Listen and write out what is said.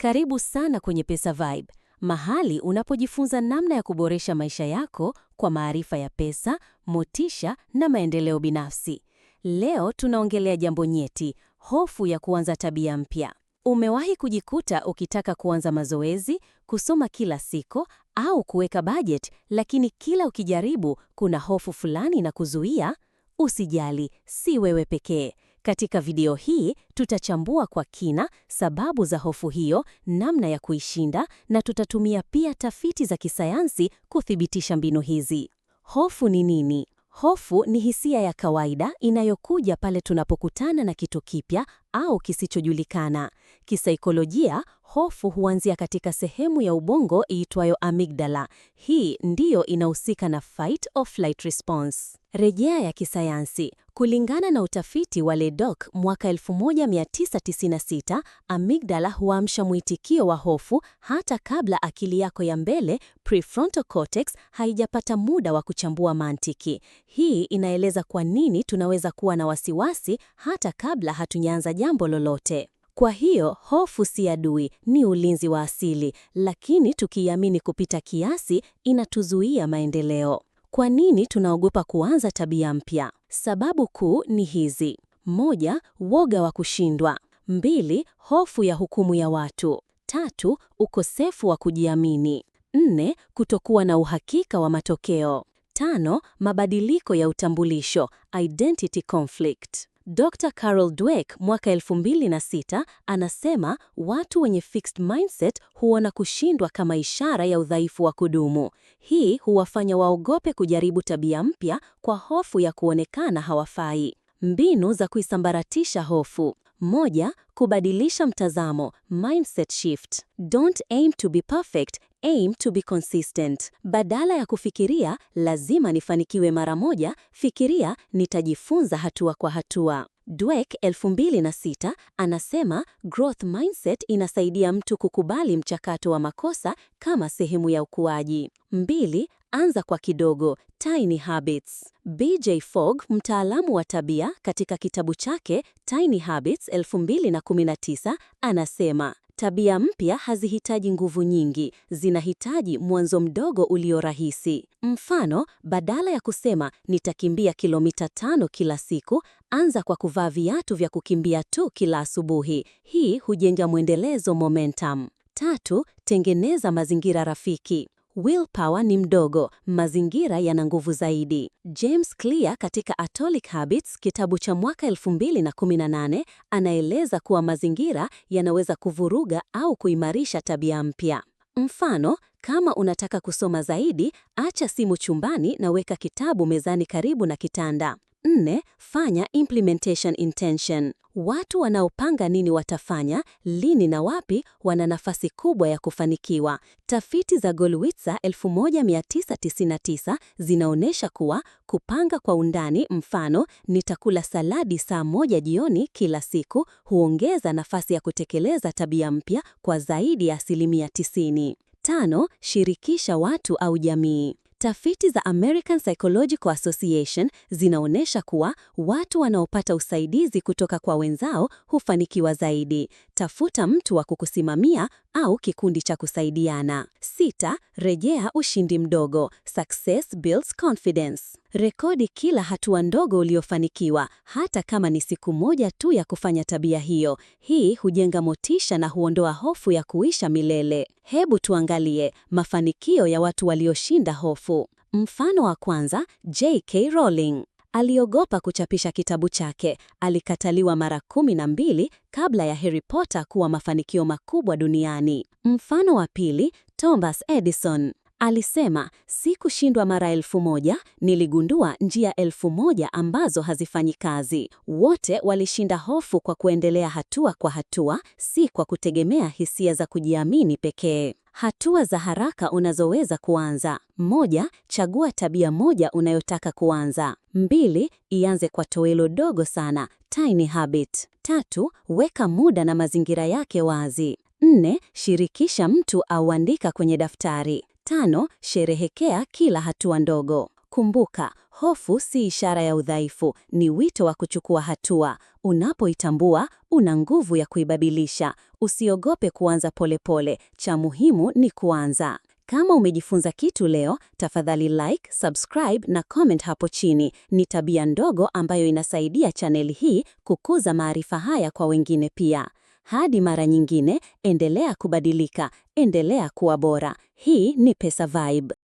Karibu sana kwenye Pesa Vibe, mahali unapojifunza namna ya kuboresha maisha yako kwa maarifa ya pesa, motisha na maendeleo binafsi. Leo tunaongelea jambo nyeti, hofu ya kuanza tabia mpya. Umewahi kujikuta ukitaka kuanza mazoezi, kusoma kila siku au kuweka budget, lakini kila ukijaribu kuna hofu fulani na kuzuia? Usijali, si wewe pekee. Katika video hii tutachambua kwa kina sababu za hofu hiyo, namna ya kuishinda, na tutatumia pia tafiti za kisayansi kuthibitisha mbinu hizi. Hofu ni nini? Hofu ni hisia ya kawaida inayokuja pale tunapokutana na kitu kipya au kisichojulikana. Kisaikolojia, hofu huanzia katika sehemu ya ubongo iitwayo amygdala. Hii ndiyo inahusika na fight or flight response. Rejea ya kisayansi. Kulingana na utafiti wa Ledoc mwaka 1996, amygdala huamsha mwitikio wa hofu hata kabla akili yako ya mbele prefrontal cortex haijapata muda wa kuchambua mantiki. Hii inaeleza kwa nini tunaweza kuwa na wasiwasi hata kabla hatujaanza jambo lolote. Kwa hiyo hofu si adui, ni ulinzi wa asili, lakini tukiamini kupita kiasi inatuzuia maendeleo. Kwa nini tunaogopa kuanza tabia mpya? Sababu kuu ni hizi: moja, woga wa kushindwa; mbili, hofu ya hukumu ya watu; tatu, ukosefu wa kujiamini; nne, kutokuwa na uhakika wa matokeo; tano, mabadiliko ya utambulisho, identity conflict. Dr. Carol Dweck mwaka 2006 anasema watu wenye fixed mindset huona kushindwa kama ishara ya udhaifu wa kudumu. Hii huwafanya waogope kujaribu tabia mpya kwa hofu ya kuonekana hawafai. Mbinu za kuisambaratisha hofu. Moja, kubadilisha mtazamo, mindset shift. Don't aim to be perfect, aim to be consistent. Badala ya kufikiria lazima nifanikiwe mara moja, fikiria nitajifunza hatua kwa hatua. Dweck 2006 anasema growth mindset inasaidia mtu kukubali mchakato wa makosa kama sehemu ya ukuaji. Mbili, anza kwa kidogo, tiny habits. BJ Fogg, mtaalamu wa tabia, katika kitabu chake Tiny Habits 2019 anasema Tabia mpya hazihitaji nguvu nyingi, zinahitaji mwanzo mdogo ulio rahisi. Mfano, badala ya kusema nitakimbia kilomita tano kila siku, anza kwa kuvaa viatu vya kukimbia tu kila asubuhi. Hii hujenga mwendelezo, momentum. Tatu, tengeneza mazingira rafiki willpower ni mdogo, mazingira yana nguvu zaidi. James Clear katika Atomic Habits, kitabu cha mwaka 2018, anaeleza kuwa mazingira yanaweza kuvuruga au kuimarisha tabia mpya. Mfano, kama unataka kusoma zaidi, acha simu chumbani na weka kitabu mezani karibu na kitanda. Nne, fanya implementation intention. Watu wanaopanga nini watafanya, lini na wapi wana nafasi kubwa ya kufanikiwa. Tafiti za golwitsa 1999 zinaonyesha kuwa kupanga kwa undani, mfano nitakula saladi saa moja jioni kila siku, huongeza nafasi ya kutekeleza tabia mpya kwa zaidi ya asilimia 90. Tano, shirikisha watu au jamii. Tafiti za American Psychological Association zinaonyesha kuwa watu wanaopata usaidizi kutoka kwa wenzao hufanikiwa zaidi. Tafuta mtu wa kukusimamia au kikundi cha kusaidiana. Sita, rejea ushindi mdogo. Success builds confidence. Rekodi kila hatua ndogo uliyofanikiwa, hata kama ni siku moja tu ya kufanya tabia hiyo. Hii hujenga motisha na huondoa hofu ya kuisha milele. Hebu tuangalie mafanikio ya watu walioshinda hofu. Mfano wa kwanza, J.K. Rowling aliogopa kuchapisha kitabu chake. Alikataliwa mara kumi na mbili kabla ya Harry Potter kuwa mafanikio makubwa duniani. Mfano wa pili, Thomas Edison Alisema, sikushindwa mara elfu moja, niligundua njia elfu moja ambazo hazifanyi kazi. Wote walishinda hofu kwa kuendelea hatua kwa hatua, si kwa kutegemea hisia za kujiamini pekee. Hatua za haraka unazoweza kuanza. Moja, chagua tabia moja unayotaka kuanza. Mbili, ianze kwa toelo dogo sana, tiny habit. Tatu, weka muda na mazingira yake wazi. Nne, shirikisha mtu au andika kwenye daftari. Tano, sherehekea kila hatua ndogo. Kumbuka, hofu si ishara ya udhaifu, ni wito wa kuchukua hatua. Unapoitambua, una nguvu ya kuibadilisha. Usiogope kuanza polepole, cha muhimu ni kuanza. Kama umejifunza kitu leo, tafadhali like, subscribe na comment hapo chini. Ni tabia ndogo ambayo inasaidia chaneli hii kukuza maarifa haya kwa wengine pia. Hadi mara nyingine, endelea kubadilika, endelea kuwa bora. Hii ni pesa Vibe.